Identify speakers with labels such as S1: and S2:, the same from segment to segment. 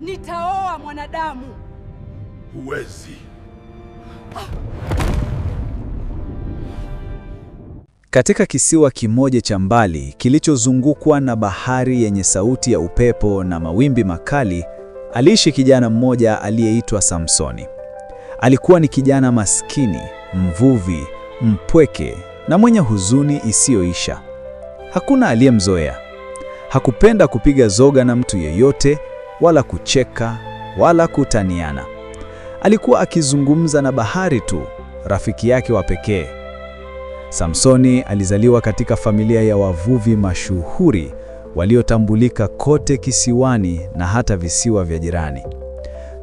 S1: Nitaoa mwanadamu.
S2: Huwezi.
S3: Katika kisiwa kimoja cha mbali kilichozungukwa na bahari yenye sauti ya upepo na mawimbi makali, aliishi kijana mmoja aliyeitwa Samsoni. Alikuwa ni kijana maskini, mvuvi, mpweke na mwenye huzuni isiyoisha. Hakuna aliyemzoea. Hakupenda kupiga zoga na mtu yeyote wala kucheka wala kutaniana. Alikuwa akizungumza na bahari tu, rafiki yake wa pekee. Samsoni alizaliwa katika familia ya wavuvi mashuhuri waliotambulika kote kisiwani na hata visiwa vya jirani.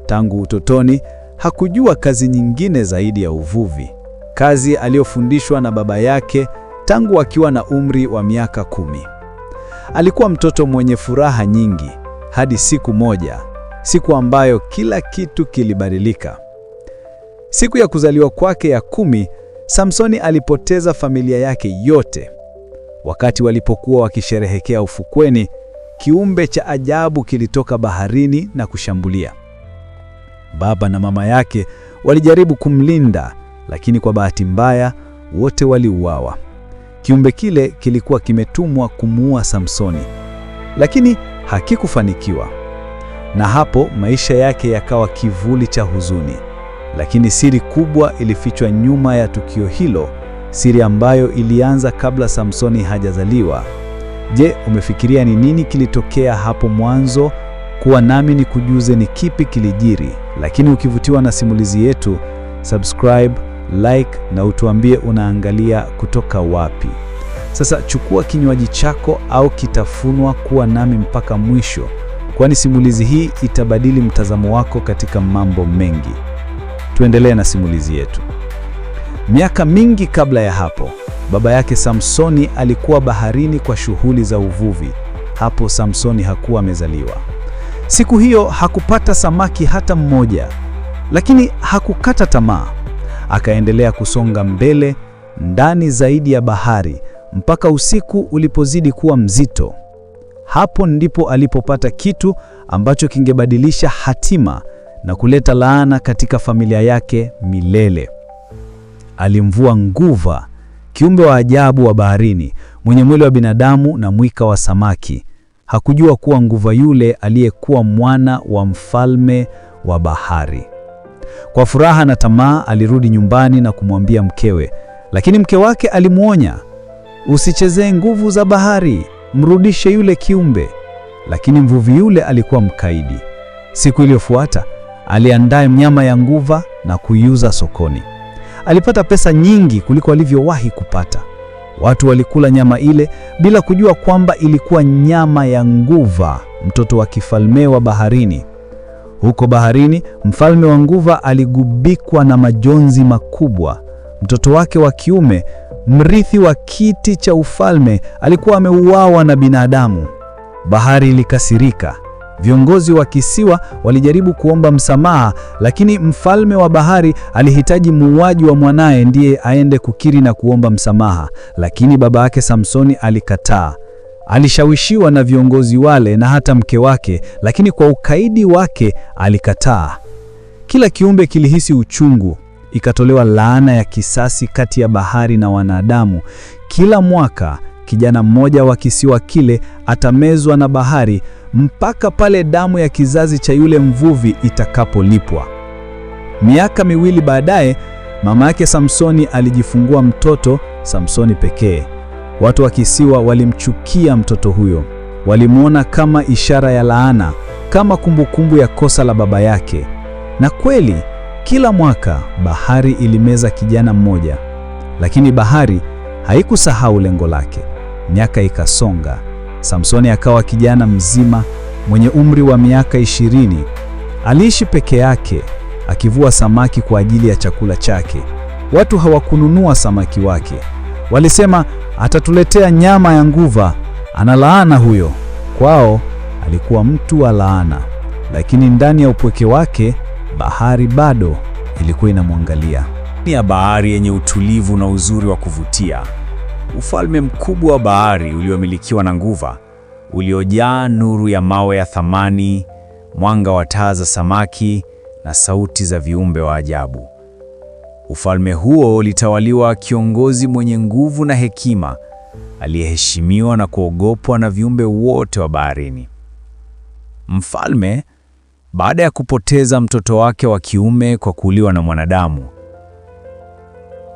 S3: Tangu utotoni hakujua kazi nyingine zaidi ya uvuvi, kazi aliyofundishwa na baba yake tangu akiwa na umri wa miaka kumi. Alikuwa mtoto mwenye furaha nyingi hadi siku moja, siku ambayo kila kitu kilibadilika. Siku ya kuzaliwa kwake ya kumi, Samsoni alipoteza familia yake yote. Wakati walipokuwa wakisherehekea ufukweni, kiumbe cha ajabu kilitoka baharini na kushambulia. Baba na mama yake walijaribu kumlinda, lakini kwa bahati mbaya wote waliuawa. Kiumbe kile kilikuwa kimetumwa kumuua Samsoni, lakini hakikufanikiwa, na hapo maisha yake yakawa kivuli cha huzuni. Lakini siri kubwa ilifichwa nyuma ya tukio hilo, siri ambayo ilianza kabla Samsoni hajazaliwa. Je, umefikiria ni nini kilitokea hapo mwanzo? Kuwa nami ni kujuze ni kipi kilijiri. Lakini ukivutiwa na simulizi yetu, subscribe, like na utuambie unaangalia kutoka wapi. Sasa chukua kinywaji chako au kitafunwa, kuwa nami mpaka mwisho, kwani simulizi hii itabadili mtazamo wako katika mambo mengi. Tuendelee na simulizi yetu. Miaka mingi kabla ya hapo, baba yake Samsoni alikuwa baharini kwa shughuli za uvuvi. Hapo Samsoni hakuwa amezaliwa. Siku hiyo hakupata samaki hata mmoja, lakini hakukata tamaa. Akaendelea kusonga mbele ndani zaidi ya bahari mpaka usiku ulipozidi kuwa mzito. Hapo ndipo alipopata kitu ambacho kingebadilisha hatima na kuleta laana katika familia yake milele. Alimvua nguva, kiumbe wa ajabu wa baharini mwenye mwili wa binadamu na mwika wa samaki. Hakujua kuwa nguva yule aliyekuwa mwana wa mfalme wa bahari. Kwa furaha na tamaa, alirudi nyumbani na kumwambia mkewe, lakini mke wake alimwonya usichezee nguvu za bahari, mrudishe yule kiumbe. Lakini mvuvi yule alikuwa mkaidi. Siku iliyofuata aliandaa nyama ya nguva na kuiuza sokoni. Alipata pesa nyingi kuliko alivyowahi kupata. Watu walikula nyama ile bila kujua kwamba ilikuwa nyama ya nguva, mtoto wa kifalme wa baharini. Huko baharini, mfalme wa nguva aligubikwa na majonzi makubwa. Mtoto wake wa kiume mrithi wa kiti cha ufalme alikuwa ameuawa na binadamu. Bahari ilikasirika. Viongozi wa kisiwa walijaribu kuomba msamaha, lakini mfalme wa bahari alihitaji muuaji wa mwanaye ndiye aende kukiri na kuomba msamaha, lakini baba yake Samsoni alikataa. Alishawishiwa na viongozi wale na hata mke wake, lakini kwa ukaidi wake alikataa. Kila kiumbe kilihisi uchungu ikatolewa laana ya kisasi kati ya bahari na wanadamu. Kila mwaka kijana mmoja wa kisiwa kile atamezwa na bahari mpaka pale damu ya kizazi cha yule mvuvi itakapolipwa. Miaka miwili baadaye, mama yake Samsoni alijifungua mtoto Samsoni pekee. Watu wa kisiwa walimchukia mtoto huyo, walimwona kama ishara ya laana, kama kumbukumbu ya kosa la baba yake. Na kweli kila mwaka bahari ilimeza kijana mmoja, lakini bahari haikusahau lengo lake. Miaka ikasonga, Samsoni akawa kijana mzima mwenye umri wa miaka ishirini. Aliishi peke yake akivua samaki kwa ajili ya chakula chake. Watu hawakununua samaki wake, walisema atatuletea nyama ya nguva, ana laana huyo. Kwao alikuwa mtu wa laana, lakini ndani ya upweke wake bahari bado ilikuwa inamwangalia.
S4: Ni ya bahari yenye utulivu na uzuri wa kuvutia, ufalme mkubwa wa bahari uliomilikiwa na nguva, uliojaa nuru ya mawe ya thamani, mwanga wa taa za samaki na sauti za viumbe wa ajabu. Ufalme huo ulitawaliwa kiongozi mwenye nguvu na hekima, aliyeheshimiwa na kuogopwa na viumbe wote wa baharini. Mfalme baada ya kupoteza mtoto wake wa kiume kwa kuuliwa na mwanadamu.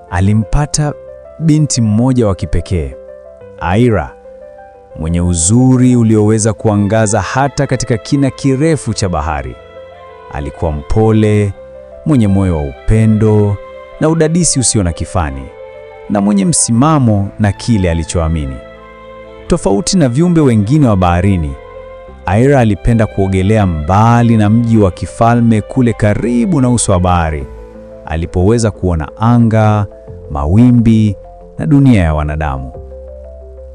S4: Alimpata binti mmoja wa kipekee, Aira, mwenye uzuri ulioweza kuangaza hata katika kina kirefu cha bahari. Alikuwa mpole, mwenye moyo wa upendo na udadisi usio na kifani, na mwenye msimamo na kile alichoamini. Tofauti na viumbe wengine wa baharini, Aira alipenda kuogelea mbali na mji wa kifalme kule karibu na uso wa bahari, alipoweza kuona anga, mawimbi na dunia ya wanadamu.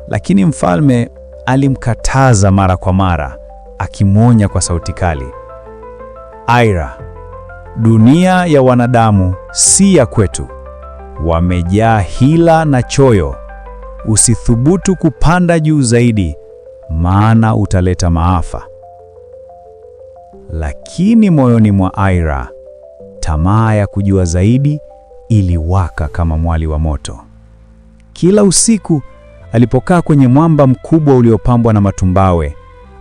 S4: Lakini mfalme alimkataza mara kwa mara, akimwonya kwa sauti kali. Aira, dunia ya wanadamu si ya kwetu. Wamejaa hila na choyo. Usithubutu kupanda juu zaidi maana utaleta maafa. Lakini moyoni mwa Aira tamaa ya kujua zaidi iliwaka kama mwali wa moto. Kila usiku alipokaa kwenye mwamba mkubwa uliopambwa na matumbawe,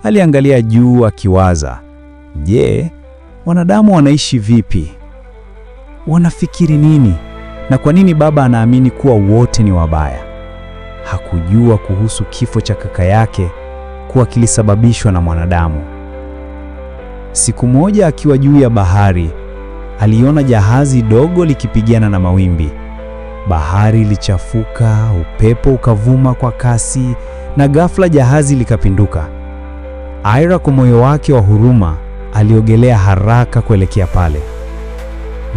S4: aliangalia juu akiwaza, je, wanadamu wanaishi vipi? Wanafikiri nini? Na kwa nini baba anaamini kuwa wote ni wabaya? Hakujua kuhusu kifo cha kaka yake kilichokuwa kilisababishwa na mwanadamu. Siku moja akiwa juu ya bahari, aliona jahazi dogo likipigana na mawimbi. Bahari ilichafuka, upepo ukavuma kwa kasi, na ghafla jahazi likapinduka. Aira, kwa moyo wake wa huruma, aliogelea haraka kuelekea pale.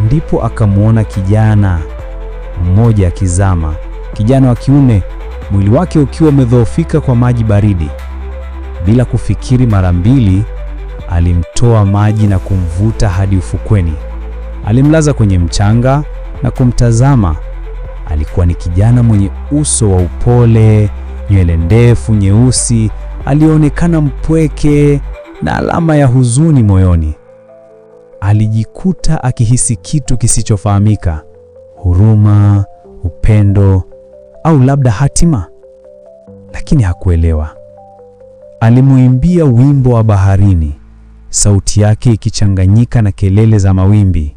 S4: Ndipo akamwona kijana mmoja akizama, kijana wa kiume, mwili wake ukiwa umedhoofika kwa maji baridi. Bila kufikiri mara mbili, alimtoa maji na kumvuta hadi ufukweni. Alimlaza kwenye mchanga na kumtazama. Alikuwa ni kijana mwenye uso wa upole, nywele ndefu nyeusi, alionekana mpweke na alama ya huzuni moyoni. Alijikuta akihisi kitu kisichofahamika: huruma, upendo au labda hatima, lakini hakuelewa. Alimuimbia wimbo wa baharini, sauti yake ikichanganyika na kelele za mawimbi.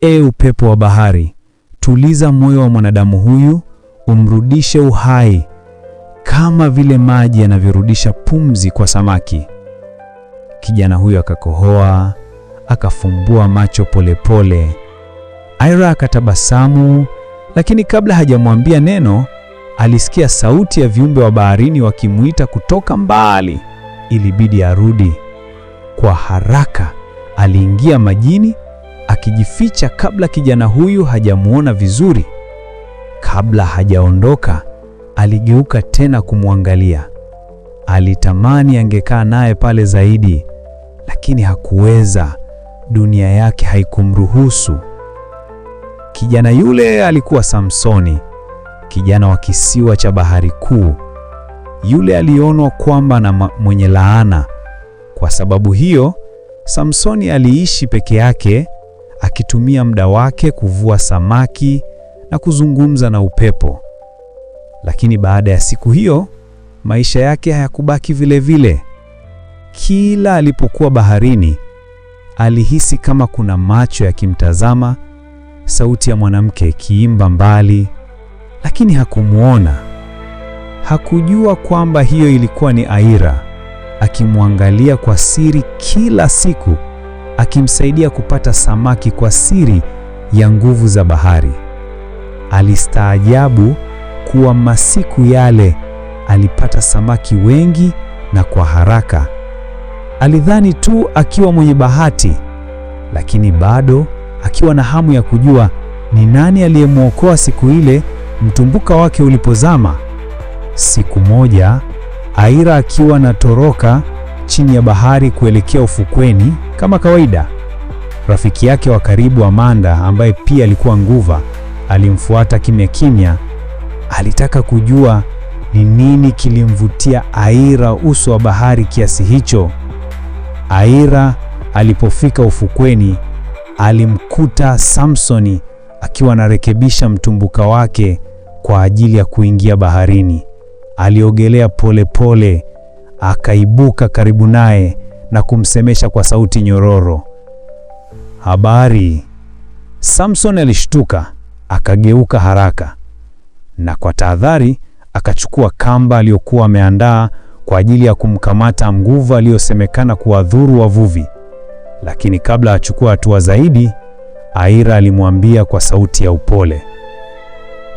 S4: E upepo wa bahari, tuliza moyo wa mwanadamu huyu, umrudishe uhai, kama vile maji yanavyorudisha pumzi kwa samaki. Kijana huyo akakohoa, akafumbua macho polepole pole. Aira akatabasamu, lakini kabla hajamwambia neno alisikia sauti ya viumbe wa baharini wakimuita kutoka mbali. Ilibidi arudi kwa haraka. Aliingia majini akijificha kabla kijana huyu hajamuona vizuri. Kabla hajaondoka, aligeuka tena kumwangalia. Alitamani angekaa naye pale zaidi, lakini hakuweza. Dunia yake haikumruhusu. Kijana yule alikuwa Samsoni kijana wa kisiwa cha bahari kuu, yule alionwa kwamba na mwenye laana. Kwa sababu hiyo, Samsoni aliishi peke yake akitumia muda wake kuvua samaki na kuzungumza na upepo. Lakini baada ya siku hiyo, maisha yake hayakubaki vile vile. Kila alipokuwa baharini, alihisi kama kuna macho yakimtazama, sauti ya mwanamke ikiimba mbali lakini hakumwona. Hakujua kwamba hiyo ilikuwa ni Aira akimwangalia kwa siri kila siku, akimsaidia kupata samaki kwa siri ya nguvu za bahari. Alistaajabu kuwa masiku yale alipata samaki wengi na kwa haraka. Alidhani tu akiwa mwenye bahati, lakini bado akiwa na hamu ya kujua ni nani aliyemwokoa siku ile mtumbuka wake ulipozama. Siku moja, Aira akiwa anatoroka chini ya bahari kuelekea ufukweni kama kawaida, rafiki yake wa karibu Amanda, ambaye pia alikuwa nguva, alimfuata kimya kimya. Alitaka kujua ni nini kilimvutia Aira uso wa bahari kiasi hicho. Aira alipofika ufukweni, alimkuta Samsoni akiwa anarekebisha mtumbuka wake kwa ajili ya kuingia baharini. Aliogelea polepole, akaibuka karibu naye na kumsemesha kwa sauti nyororo, habari. Samson alishtuka, akageuka haraka na kwa tahadhari akachukua kamba aliyokuwa ameandaa kwa ajili ya kumkamata nguvu aliyosemekana kuwadhuru wavuvi. Lakini kabla achukua hatua zaidi, Aira alimwambia kwa sauti ya upole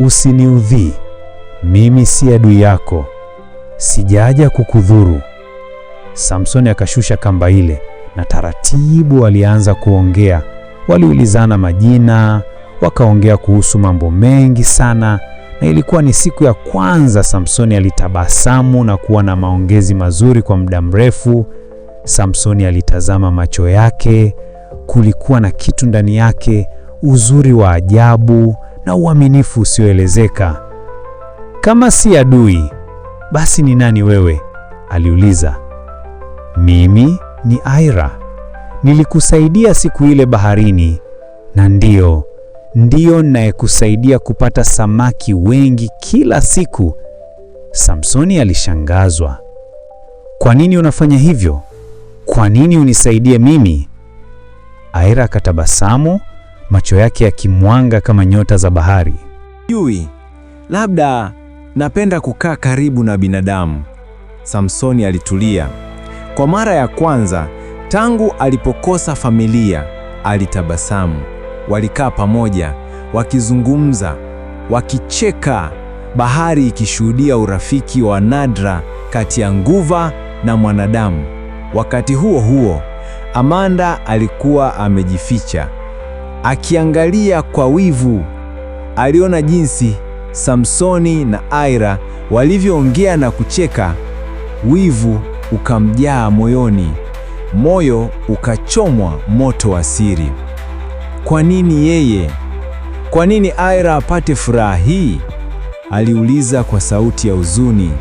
S4: usiniudhii, mimi si adui yako, sijaja kukudhuru. Samsoni akashusha kamba ile na taratibu walianza kuongea. Waliulizana majina, wakaongea kuhusu mambo mengi sana, na ilikuwa ni siku ya kwanza Samsoni alitabasamu na kuwa na maongezi mazuri kwa muda mrefu. Samsoni alitazama macho yake, kulikuwa na kitu ndani yake, uzuri wa ajabu, na uaminifu usioelezeka. Kama si adui, basi ni nani wewe? aliuliza. Mimi ni Aira, nilikusaidia siku ile baharini, na ndio ndiyo nayekusaidia kupata samaki wengi kila siku. Samsoni alishangazwa. Kwa nini unafanya hivyo? Kwa nini unisaidie mimi? Aira akatabasamu macho yake yakimwanga kama nyota za bahari.
S5: Yui, labda napenda kukaa karibu na binadamu. Samsoni alitulia. Kwa mara ya kwanza tangu alipokosa familia, alitabasamu. Walikaa pamoja, wakizungumza, wakicheka, bahari ikishuhudia urafiki wa nadra kati ya nguva na mwanadamu. Wakati huo huo, Amanda alikuwa amejificha. Akiangalia kwa wivu, aliona jinsi Samsoni na Aira walivyoongea na kucheka. Wivu ukamjaa moyoni, moyo ukachomwa moto wa siri. Kwa nini yeye? Kwa nini Aira apate furaha hii? aliuliza kwa sauti ya huzuni.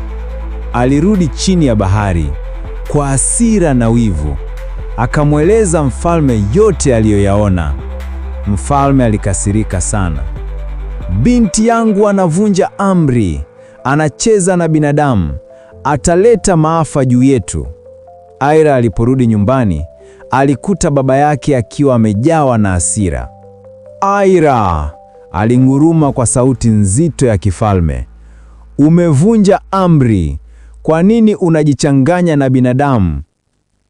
S5: Alirudi chini ya bahari kwa hasira na wivu, akamweleza mfalme yote aliyoyaona. Mfalme alikasirika sana. Binti yangu anavunja amri, anacheza na binadamu, ataleta maafa juu yetu. Aira aliporudi nyumbani, alikuta baba yake akiwa amejawa na hasira. Aira, alinguruma kwa sauti nzito ya kifalme, umevunja amri. Kwa nini unajichanganya na binadamu?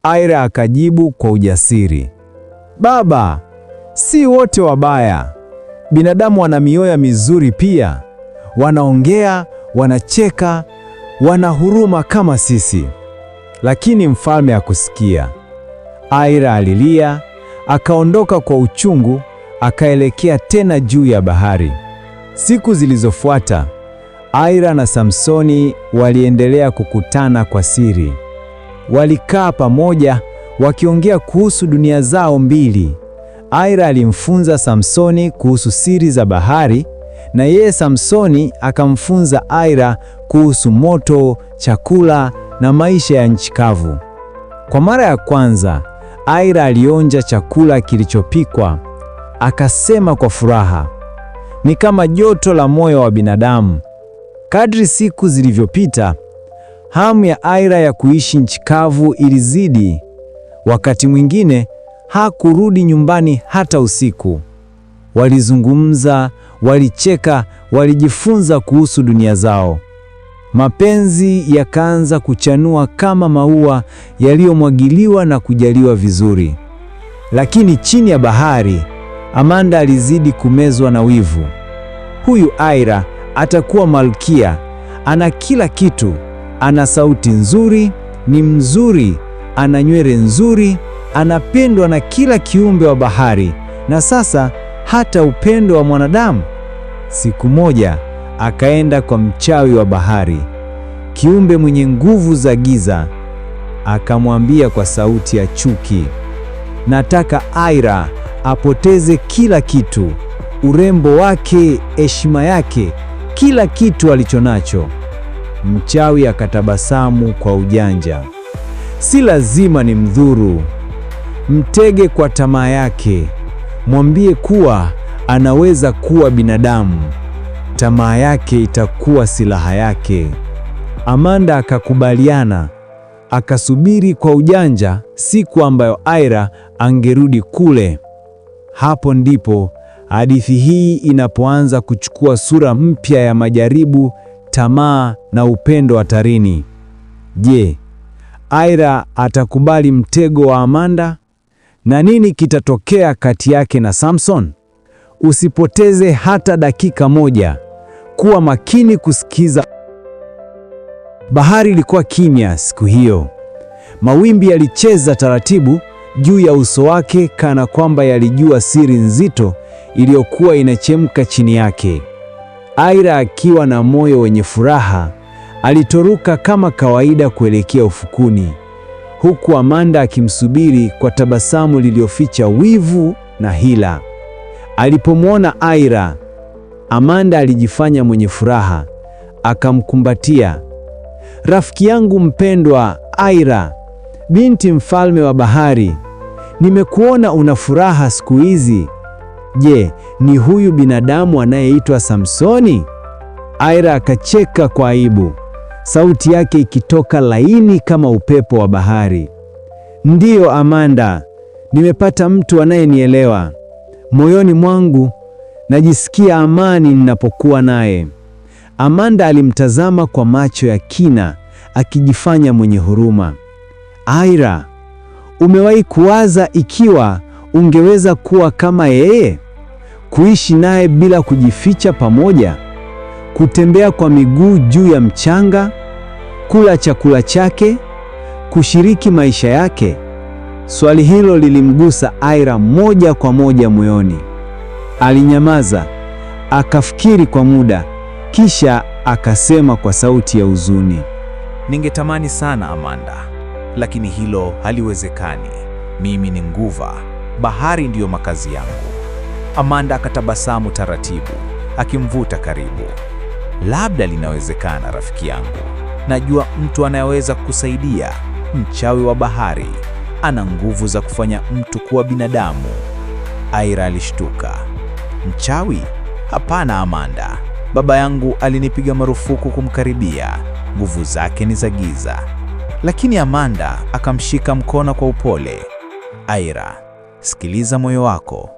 S5: Aira akajibu kwa ujasiri, baba Si wote wabaya. Binadamu wana mioyo mizuri pia, wanaongea, wanacheka, wana huruma kama sisi. Lakini mfalme hakusikia. Aira alilia, akaondoka kwa uchungu, akaelekea tena juu ya bahari. Siku zilizofuata, Aira na Samsoni waliendelea kukutana kwa siri. Walikaa pamoja wakiongea kuhusu dunia zao mbili. Aira alimfunza Samsoni kuhusu siri za bahari na yeye Samsoni akamfunza Aira kuhusu moto, chakula na maisha ya nchi kavu. Kwa mara ya kwanza, Aira alionja chakula kilichopikwa, akasema kwa furaha, ni kama joto la moyo wa binadamu. Kadri siku zilivyopita, hamu ya Aira ya kuishi nchi kavu ilizidi. Wakati mwingine hakurudi nyumbani hata usiku. Walizungumza, walicheka, walijifunza kuhusu dunia zao. Mapenzi yakaanza kuchanua kama maua yaliyomwagiliwa na kujaliwa vizuri. Lakini chini ya bahari, Amanda alizidi kumezwa na wivu. Huyu Aira atakuwa malkia, ana kila kitu, ana sauti nzuri, ni mzuri, ana nywele nzuri anapendwa na kila kiumbe wa bahari na sasa hata upendo wa mwanadamu. Siku moja akaenda kwa mchawi wa bahari, kiumbe mwenye nguvu za giza, akamwambia kwa sauti ya chuki, nataka Aira apoteze kila kitu, urembo wake, heshima yake, kila kitu alichonacho. Mchawi akatabasamu kwa ujanja, si lazima ni mdhuru Mtege kwa tamaa yake, mwambie kuwa anaweza kuwa binadamu. Tamaa yake itakuwa silaha yake. Amanda akakubaliana, akasubiri kwa ujanja siku ambayo Aira angerudi kule. Hapo ndipo hadithi hii inapoanza kuchukua sura mpya ya majaribu, tamaa na upendo hatarini. Je, Aira atakubali mtego wa Amanda? na nini kitatokea kati yake na Samson? Usipoteze hata dakika moja, kuwa makini kusikiza. Bahari ilikuwa kimya siku hiyo. Mawimbi yalicheza taratibu juu ya uso wake, kana kwamba yalijua siri nzito iliyokuwa inachemka chini yake. Aira, akiwa na moyo wenye furaha, alitoroka kama kawaida kuelekea ufukuni huku Amanda akimsubiri kwa tabasamu lililoficha wivu na hila. Alipomwona Aira, Amanda alijifanya mwenye furaha, akamkumbatia. Rafiki yangu mpendwa Aira, binti mfalme wa bahari, nimekuona una furaha siku hizi. Je, ni huyu binadamu anayeitwa Samsoni? Aira akacheka kwa aibu sauti yake ikitoka laini kama upepo wa bahari. Ndiyo Amanda, nimepata mtu anayenielewa. Moyoni mwangu najisikia amani ninapokuwa naye. Amanda alimtazama kwa macho ya kina, akijifanya mwenye huruma. Aira, umewahi kuwaza ikiwa ungeweza kuwa kama yeye, kuishi naye bila kujificha pamoja? kutembea kwa miguu juu ya mchanga, kula chakula chake, kushiriki maisha yake. Swali hilo lilimgusa Aira moja kwa moja moyoni. Alinyamaza, akafikiri kwa muda, kisha akasema kwa sauti ya huzuni,
S6: ningetamani sana Amanda, lakini hilo haliwezekani. Mimi ni nguva, bahari ndiyo makazi yangu. Amanda akatabasamu taratibu, akimvuta karibu. Labda linawezekana, rafiki yangu. Najua mtu anayeweza kusaidia mchawi wa bahari. Ana nguvu za kufanya mtu kuwa binadamu. Aira alishtuka. Mchawi? Hapana Amanda, baba yangu alinipiga marufuku kumkaribia. Nguvu zake ni za giza. Lakini Amanda akamshika mkono kwa upole. Aira, sikiliza moyo wako.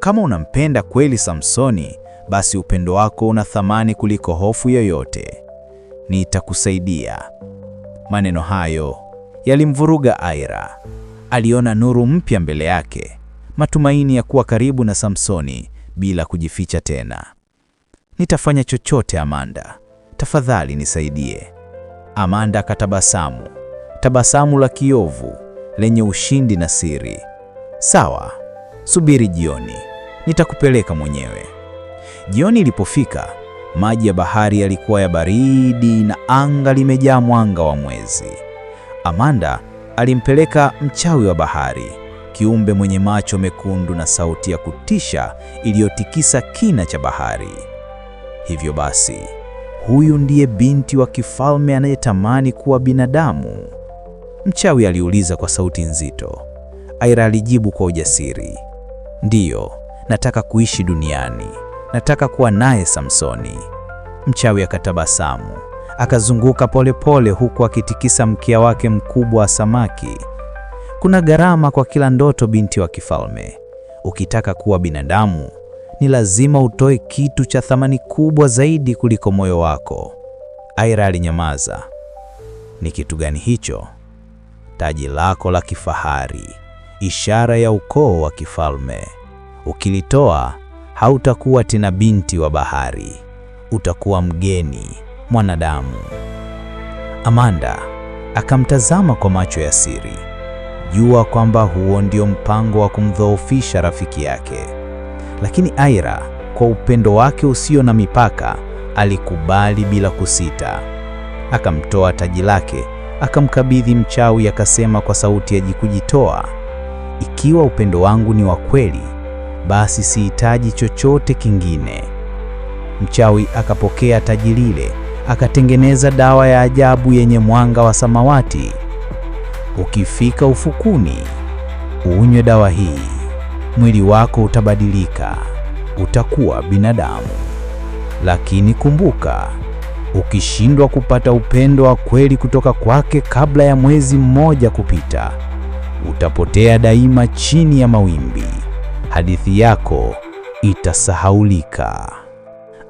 S6: Kama unampenda kweli Samsoni, basi upendo wako una thamani kuliko hofu yoyote. Nitakusaidia. Maneno hayo yalimvuruga Aira. Aliona nuru mpya mbele yake, matumaini ya kuwa karibu na Samsoni bila kujificha tena. Nitafanya chochote Amanda, tafadhali nisaidie. Amanda akatabasamu, tabasamu la kiovu lenye ushindi na siri. Sawa, subiri jioni, nitakupeleka mwenyewe. Jioni ilipofika, maji ya bahari yalikuwa ya baridi na anga limejaa mwanga wa mwezi. Amanda alimpeleka mchawi wa bahari, kiumbe mwenye macho mekundu na sauti ya kutisha iliyotikisa kina cha bahari. Hivyo basi, huyu ndiye binti wa kifalme anayetamani kuwa binadamu? Mchawi aliuliza kwa sauti nzito. Aira alijibu kwa ujasiri, ndiyo, nataka kuishi duniani nataka kuwa naye Samsoni. Mchawi akatabasamu, akazunguka polepole huku akitikisa mkia wake mkubwa wa samaki. Kuna gharama kwa kila ndoto, binti wa kifalme. Ukitaka kuwa binadamu, ni lazima utoe kitu cha thamani kubwa zaidi kuliko moyo wako. Aira alinyamaza. Ni kitu gani hicho? Taji lako la kifahari, ishara ya ukoo wa kifalme. Ukilitoa hautakuwa tena binti wa bahari, utakuwa mgeni mwanadamu. Amanda akamtazama kwa macho ya siri. Jua kwamba huo ndio mpango wa kumdhoofisha rafiki yake, lakini Aira kwa upendo wake usio na mipaka alikubali bila kusita. Akamtoa taji lake, akamkabidhi mchawi, akasema kwa sauti ya kujitoa, ikiwa upendo wangu ni wa kweli basi sihitaji chochote kingine. Mchawi akapokea taji lile, akatengeneza dawa ya ajabu yenye mwanga wa samawati. Ukifika ufukuni, unywe dawa hii, mwili wako utabadilika, utakuwa binadamu. Lakini kumbuka, ukishindwa kupata upendo wa kweli kutoka kwake kabla ya mwezi mmoja kupita, utapotea daima chini ya mawimbi hadithi yako itasahaulika.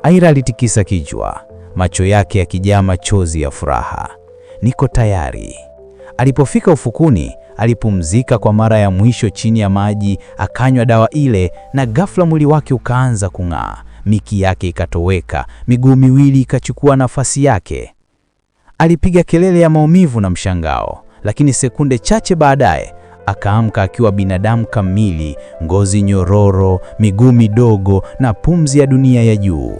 S6: Aira alitikisa kichwa, macho yake yakijaa machozi ya furaha. Niko tayari. Alipofika ufukuni, alipumzika kwa mara ya mwisho chini ya maji, akanywa dawa ile, na ghafla mwili wake ukaanza kung'aa. Miki yake ikatoweka, miguu miwili ikachukua nafasi yake. Alipiga kelele ya maumivu na mshangao, lakini sekunde chache baadaye Akaamka akiwa binadamu kamili, ngozi nyororo, miguu midogo na pumzi ya dunia ya juu.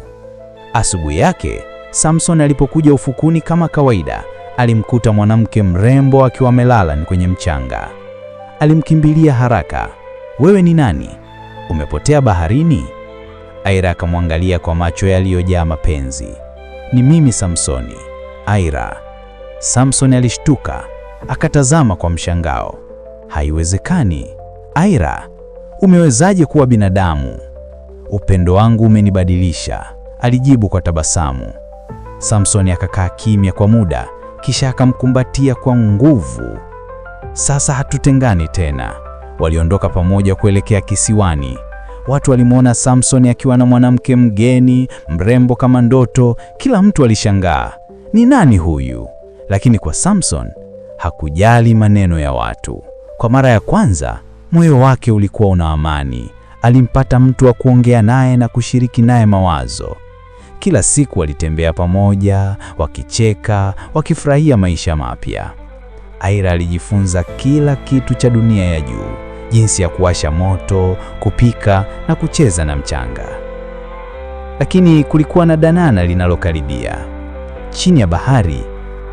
S6: Asubuhi yake, Samson alipokuja ufukuni kama kawaida, alimkuta mwanamke mrembo akiwa amelala kwenye mchanga. Alimkimbilia haraka. Wewe ni nani? Umepotea baharini? Aira akamwangalia kwa macho yaliyojaa mapenzi. Ni mimi Samsoni, Aira. Samsoni alishtuka, akatazama kwa mshangao haiwezekani. Aira, umewezaje kuwa binadamu? Upendo wangu umenibadilisha, alijibu kwa tabasamu. Samsoni akakaa kimya kwa muda, kisha akamkumbatia kwa nguvu. Sasa hatutengani tena. Waliondoka pamoja kuelekea kisiwani. Watu walimwona Samsoni akiwa na mwanamke mgeni, mrembo kama ndoto. Kila mtu alishangaa, ni nani huyu? Lakini kwa Samson hakujali maneno ya watu. Kwa mara ya kwanza moyo wake ulikuwa una amani. Alimpata mtu wa kuongea naye na kushiriki naye mawazo. Kila siku walitembea pamoja, wakicheka, wakifurahia maisha mapya. Aira alijifunza kila kitu cha dunia ya juu, jinsi ya kuwasha moto, kupika na kucheza na mchanga. Lakini kulikuwa na danana linalokaribia. Chini ya bahari,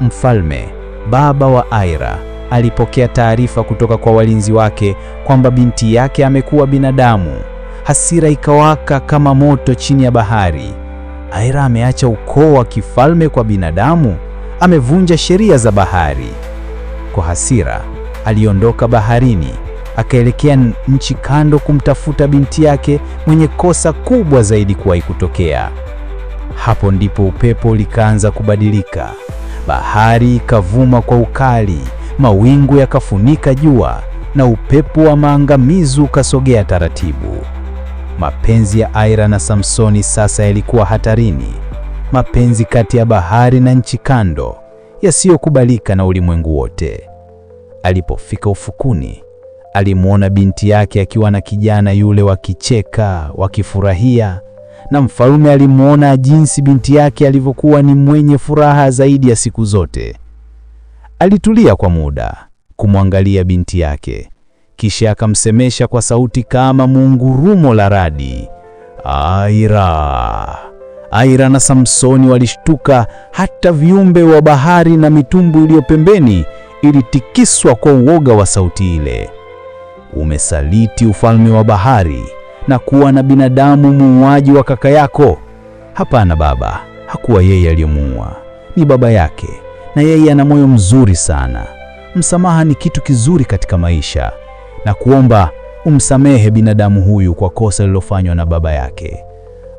S6: mfalme, baba wa Aira alipokea taarifa kutoka kwa walinzi wake kwamba binti yake amekuwa binadamu. Hasira ikawaka kama moto chini ya bahari. Aira ameacha ukoo wa kifalme kwa binadamu, amevunja sheria za bahari. Kwa hasira, aliondoka baharini akaelekea nchi kando kumtafuta binti yake mwenye kosa kubwa zaidi kuwahi kutokea. Hapo ndipo upepo likaanza kubadilika. Bahari ikavuma kwa ukali mawingu yakafunika jua na upepo wa maangamizi ukasogea taratibu. Mapenzi ya Aira na Samsoni sasa yalikuwa hatarini, mapenzi kati ya bahari na nchi kando, yasiyokubalika na ulimwengu wote. Alipofika ufukuni, alimwona binti yake akiwa na kijana yule, wakicheka wakifurahia, na mfalme alimwona jinsi binti yake alivyokuwa ni mwenye furaha zaidi ya siku zote. Alitulia kwa muda kumwangalia binti yake, kisha akamsemesha kwa sauti kama mungurumo la radi, Aira. Aira na Samsoni walishtuka, hata viumbe wa bahari na mitumbu iliyo pembeni ilitikiswa kwa uoga wa sauti ile. Umesaliti ufalme wa bahari na kuwa na binadamu muuaji wa kaka yako. Hapana baba, hakuwa yeye aliyemuua, ni baba yake na yeye ana moyo mzuri sana. Msamaha ni kitu kizuri katika maisha, na kuomba umsamehe binadamu huyu kwa kosa lilofanywa na baba yake.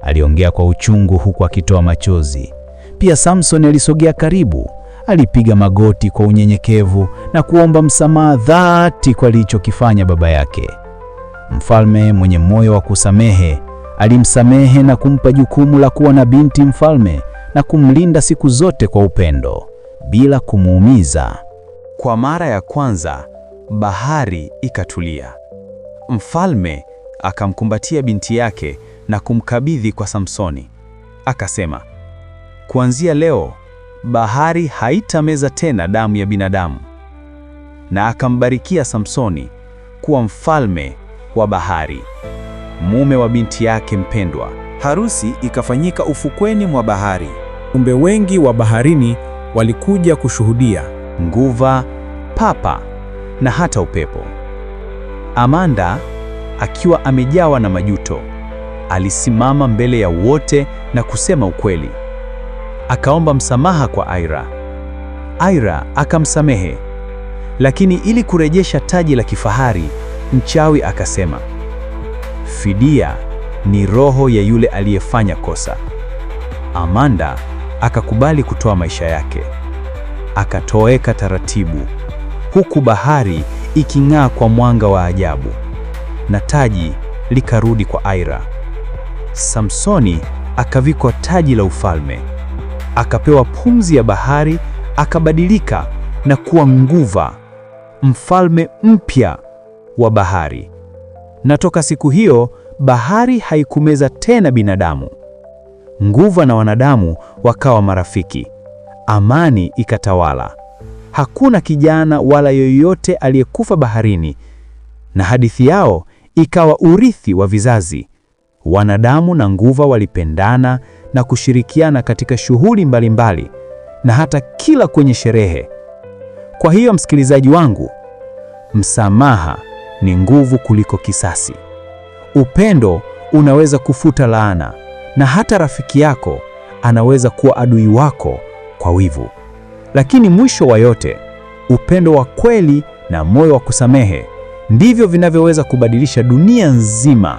S6: Aliongea kwa uchungu huku akitoa machozi. Pia Samson alisogea karibu, alipiga magoti kwa unyenyekevu na kuomba msamaha dhati kwa alichokifanya baba yake. Mfalme mwenye moyo wa kusamehe alimsamehe na kumpa jukumu la kuwa na binti mfalme na kumlinda siku zote kwa upendo bila kumuumiza.
S7: Kwa mara ya kwanza bahari ikatulia. Mfalme akamkumbatia binti yake na kumkabidhi kwa Samsoni. Akasema, kuanzia leo bahari haitameza tena damu ya binadamu. Na akambarikia Samsoni kuwa mfalme wa bahari, mume wa binti yake mpendwa. Harusi ikafanyika ufukweni mwa bahari. Umbe wengi wa baharini walikuja kushuhudia nguva, papa na hata upepo. Amanda akiwa amejawa na majuto, alisimama mbele ya wote na kusema ukweli. Akaomba msamaha kwa Aira. Aira akamsamehe. Lakini ili kurejesha taji la kifahari, mchawi akasema, fidia ni roho ya yule aliyefanya kosa. Amanda akakubali kutoa maisha yake. Akatoweka taratibu, huku bahari iking'aa kwa mwanga wa ajabu, na taji likarudi kwa Aira. Samsoni akavikwa taji la ufalme, akapewa pumzi ya bahari, akabadilika na kuwa nguva, mfalme mpya wa bahari. Na toka siku hiyo bahari haikumeza tena binadamu nguva na wanadamu wakawa marafiki. Amani ikatawala. Hakuna kijana wala yoyote aliyekufa baharini, na hadithi yao ikawa urithi wa vizazi. Wanadamu na nguva walipendana na kushirikiana katika shughuli mbalimbali na hata kila kwenye sherehe. Kwa hiyo, msikilizaji wangu, msamaha ni nguvu kuliko kisasi. Upendo unaweza kufuta laana na hata rafiki yako anaweza kuwa adui wako kwa wivu. Lakini mwisho wa yote, upendo wa kweli na moyo wa kusamehe ndivyo vinavyoweza kubadilisha dunia nzima.